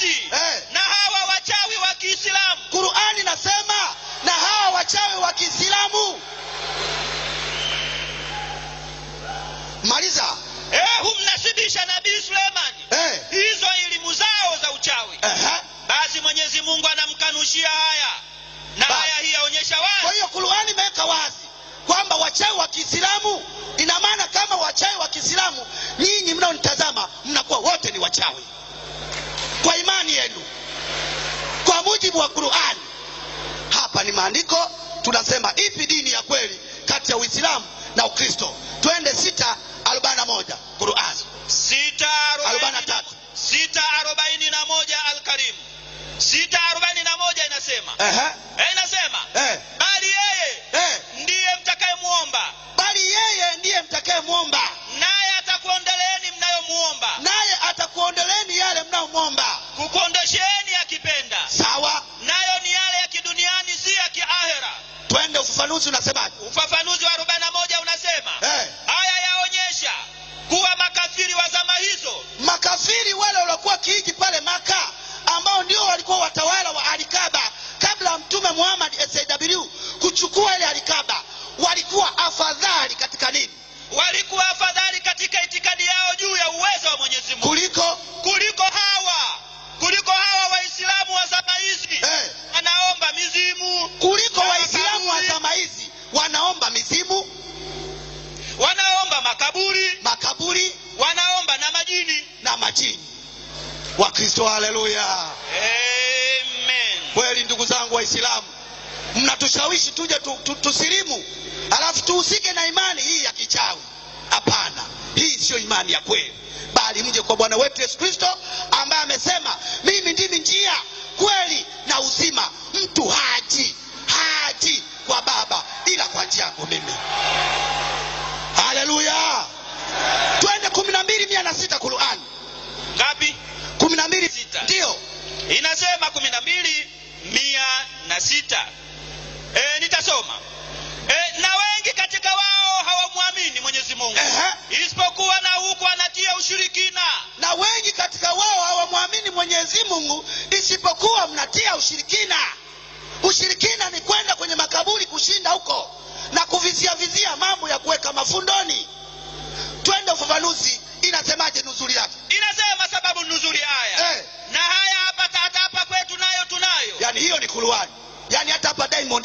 Wayahudi eh. na hawa wachawi wa Kiislamu. Qur'ani nasema na hawa wachawi wa Kiislamu. Maliza. Eh, humnasibisha Nabii Suleimani eh. hizo elimu zao za uchawi basi Mwenyezi Mungu anamkanushia haya na ba, haya hii yaonyesha wazi. Kwa hiyo Qur'ani imeweka wazi kwamba wachawi wa Kiislamu, ina maana kama wachawi wa Kiislamu nyinyi mnaonitazama mnakuwa wote ni wachawi kwa imani yenu kwa mujibu wa Qur'ani. Hapa ni maandiko, tunasema ipi dini ya kweli kati ya Uislamu na Ukristo? Twende 641 quran na moja Al-Karim 641 inasema uh-huh. eh, inasema eh. bali yeye eh. ndiye mtakayemuomba, bali yeye ndiye mtakayemuomba ufafanuzi unasemaje? Ufafanuzi wa 41 unasema hey, eh. haya yaonyesha kuwa makafiri wa zama hizo, makafiri wale waliokuwa kiiji pale Maka, ambao ndio walikuwa watawala wa Alikaba kabla Mtume Muhammad SAW kuchukua ile Kristo. Haleluya, amen. Kweli ndugu zangu Waislamu, mnatushawishi tuje tu, tu, tusilimu alafu tuhusike na imani hii ya kichawi. Hapana, hii siyo imani ya kweli, bali mje kwa Bwana wetu Yesu Kristo ambaye amesema mimi ndimi njia, kweli Rehema kumi na mbili mia na sita. E, nitasoma e, na wengi katika wao hawamwamini Mwenyezi Mungu isipokuwa na huku anatia ushirikina. Na wengi katika wao hawamwamini Mwenyezi Mungu isipokuwa mnatia ushirikina. Ushirikina ni kwenda kwenye makaburi kushinda huko na kuvizia vizia mambo ya kuweka mafundoni. Twende ufafanuzi, inasemaje nuzuri yake? Inasema sababu nuzuri haya hey. Eh hiyo ni kuruani, yani hata hapa Diamond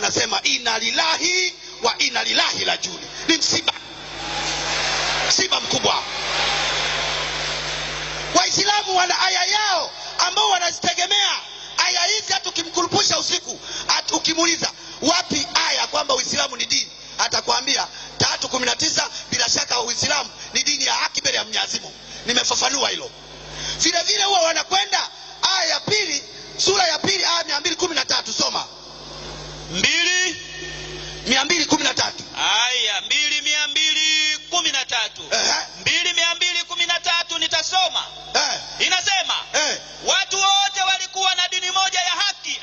wanasema ina lilahi wa ina lilahi la Ni msiba, msiba mkubwa. Waislamu wana aya yao ambao wanazitegemea aya hizi. Hata ukimkurupusha usiku, hata ukimuuliza wapi aya kwamba Uislamu ni dini, atakwambia tatu kumi na tisa. Bila shaka Uislamu ni dini ya haki mbele ya Mwenyezi Mungu. Nimefafanua hilo vile vile, huwa wanakwenda aya ya pili, sura ya pili aya mia mbili kumi na tatu mbili mia mbili kumi na tatu haya mbili mia mbili kumi na tatu mbili mia mbili kumi na tatu nitasoma inasema watu wote walikuwa na dini moja ya haki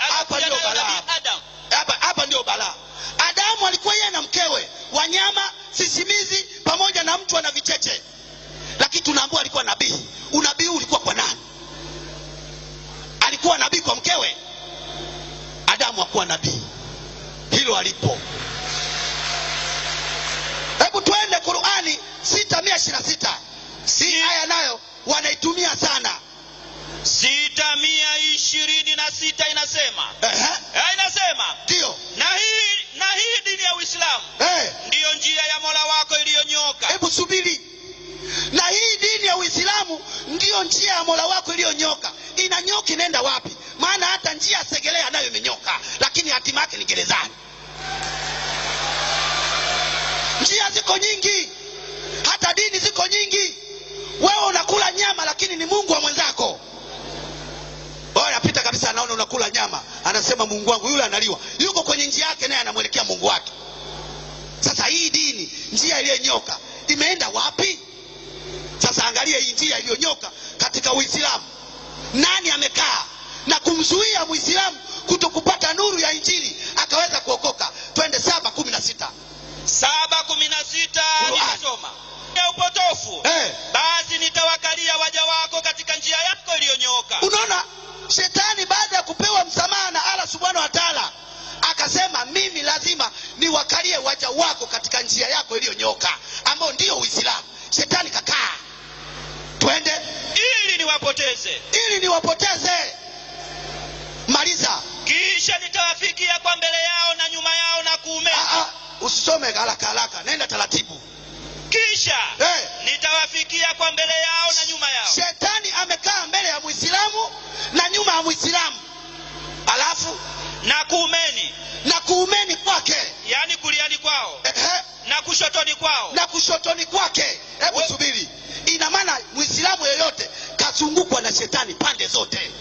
hapa ndio balaa adamu alikuwa yeye na mkewe wanyama sisimizi pamoja na mtu ana vicheche lakini tunaambua alikuwa nabii unabii ulikuwa kwa nani alikuwa nabii kwa mkewe adamu hakuwa nabii hilo alipo. Hebu twende Qurani sita mia ishirini na sita si aya nayo wanaitumia sana. Sita mia ishirini na sita inasema uh-huh. inasema ndio, na hii na hii dini ya Uislamu hey. Eh. ndiyo njia ya Mola wako iliyonyoka. Hebu subiri, na hii dini ya Uislamu ndiyo njia ya Mola wako iliyonyoka. Inanyoka inaenda wapi? maana hata njia Segelea nayo imenyoka, lakini hatima yake ni gerezani. Njia ziko nyingi, hata dini ziko nyingi. Wewe unakula nyama, lakini ni Mungu wa mwenzako. Wewe oh, anapita kabisa, anaona unakula nyama, anasema Mungu wangu yule analiwa. Yuko kwenye njia yake, naye anamwelekea Mungu wake. Sasa hii dini, njia iliyonyoka imeenda wapi? Sasa angalia hii njia iliyonyoka katika Uislamu, nani amekaa? na kumzuia mwislamu kuto kupata nuru ya injili akaweza kuokoka twende saba kumi na sita saba kumi na sita nimesoma upotofu hey. Eh. basi nitawakalia waja wako katika njia yako iliyonyooka unaona shetani baada ya kupewa msamaha na allah subhanahu wa taala akasema mimi lazima niwakalie waja wako katika njia yako iliyonyooka ambao ndiyo uislamu shetani kakaa twende ili niwapoteze ili niwapoteze kumaliza kisha nitawafikia kwa mbele yao na nyuma yao na kuume. Ah, ah, usisome haraka haraka, nenda taratibu. Kisha hey, eh. nitawafikia kwa mbele yao na nyuma yao. Shetani amekaa mbele ya Muislamu na nyuma ya Muislamu, alafu na kuumeni, na kuumeni kwake, yani kuliani kwao na kushotoni kwao na kushotoni kwake. Hebu subiri, ina maana muislamu yeyote kazungukwa na shetani pande zote.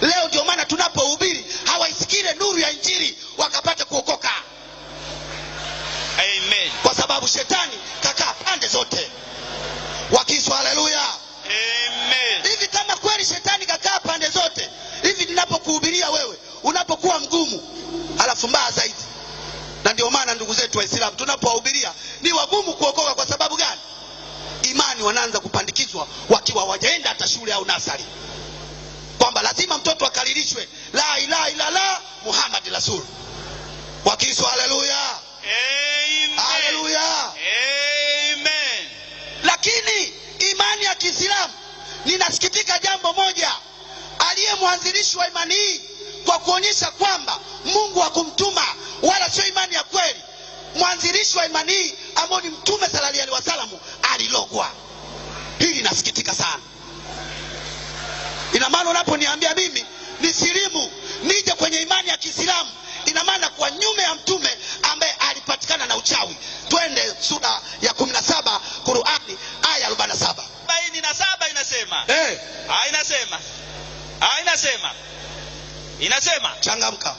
Leo ndio maana tunapohubiri ile nuru ya injili wakapate kuokoka Amen. kwa sababu shetani kakaa pande zote wakiswa haleluya hivi kama kweli shetani kakaa pande zote hivi ninapokuhubiria wewe unapokuwa mgumu alafu mbaya zaidi na ndio maana ndugu zetu waislamu tunapowahubiria ni wagumu kuokoka kwa sababu gani imani wanaanza kupandikizwa wakiwa wajaenda hata shule au nasari Ninasikitika jambo moja, aliye wa imani hii kwa kuonyesha kwamba Mungu hakumtuma wa wala sio imani ya kweli, mwanzilishi wa imani hii ambao ni Mtume salali alaihi wasallam alilogwa. Hili nasikitika sana. Ina maana unaponiambia mimi nisilimu nije kwenye imani ya Kiislamu, ina maana kwa nyume ya Mtume ambaye inasema changamka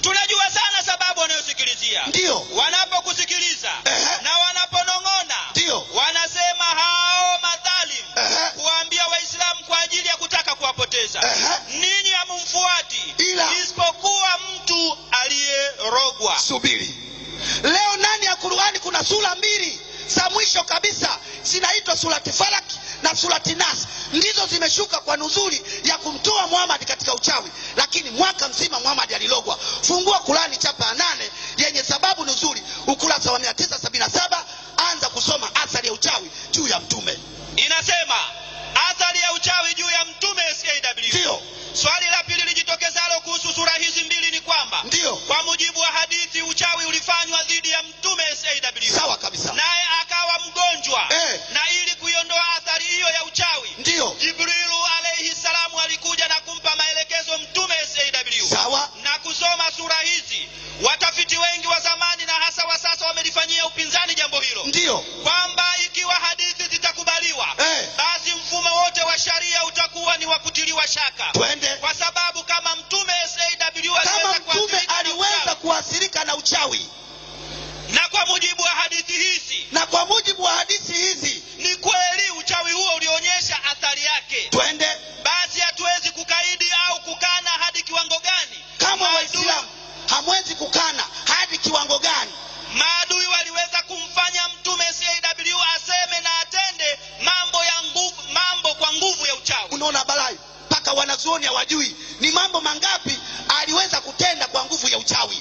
tunajua sana sababu wanayosikilizia ndio wanapokusikiliza uh-huh. na wanaponong'ona ndio wanasema hao madhalim uh-huh. kuwaambia waislamu kwa ajili ya kutaka kuwapoteza uh-huh. ninyi hamumfuati isipokuwa mtu aliyerogwa subiri leo ndani ya qurani kuna sura mbili za mwisho kabisa zinaitwa surati faraki na surati nas ndizo zimeshuka kwa nuzuri ya kumtoa muhamad Muhammad alilogwa. Fungua Kurani chapa ya nane yenye sababu nzuri, ukurasa wa 977 anza kusoma athari ya uchawi juu ya mtume. Inasema athari ya uchawi juu ya mtume SKW. Ndio. mío. mtandaoni hawajui ni mambo mangapi aliweza kutenda kwa nguvu ya uchawi.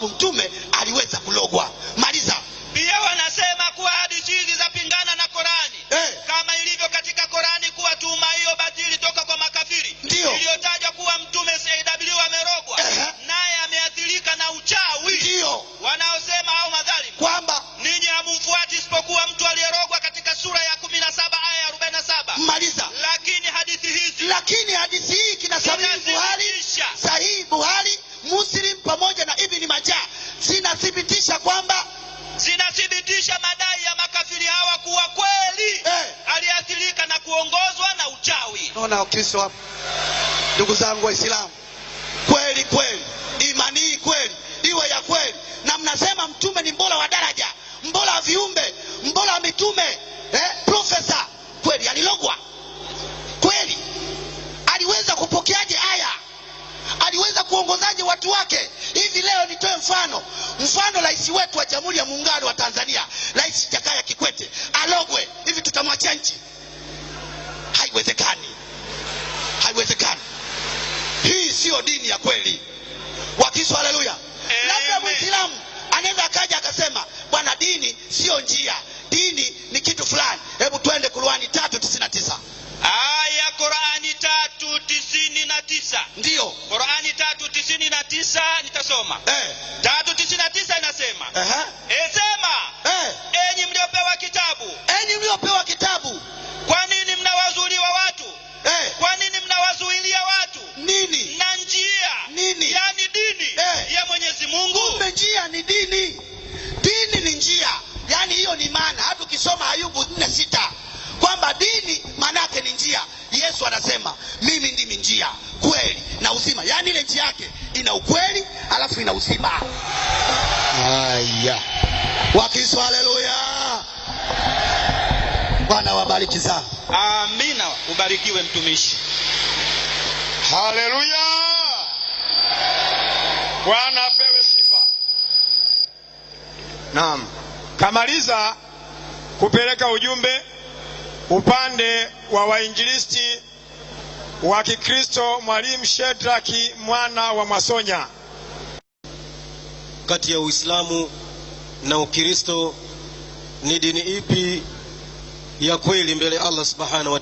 sababu mtume wanaona wakristo hapa ndugu zangu waislamu kweli kweli imani hii kweli iwe ya kweli na mnasema mtume ni mbola wa daraja mbola wa viumbe mbola wa mitume eh, profesa kweli alilogwa kweli aliweza kupokeaje aya aliweza kuongozaje watu wake hivi leo nitoe mfano mfano rais wetu wa jamhuri ya muungano wa tanzania rais jakaya kikwete alogwe hivi tutamwachia nchi haiwezekani haiwezekani. Hii siyo dini ya kweli. wakiswa haleluya. Labda Mwislamu anaweza akaja akasema, bwana, dini siyo njia, dini ni kitu fulani. Hebu twende Kurani tatu tisini na tisa aya Kurani tatu tisini na tisa ndiyo Kurani tatu tisini na tisa nitasoma eh. njia kweli na uzima, yaani ile njia yake ina ukweli alafu ina uzima. Haya, wakiswa haleluya! Bwana wabariki sana. Amina, ubarikiwe mtumishi. Haleluya, Bwana apewe sifa. Naam, kamaliza kupeleka ujumbe upande wa wainjilisti wa Kikristo Mwalimu Shedraki mwana wa Mwasonya. Kati ya Uislamu na Ukristo ni dini ipi ya kweli mbele Allah subhanahu wa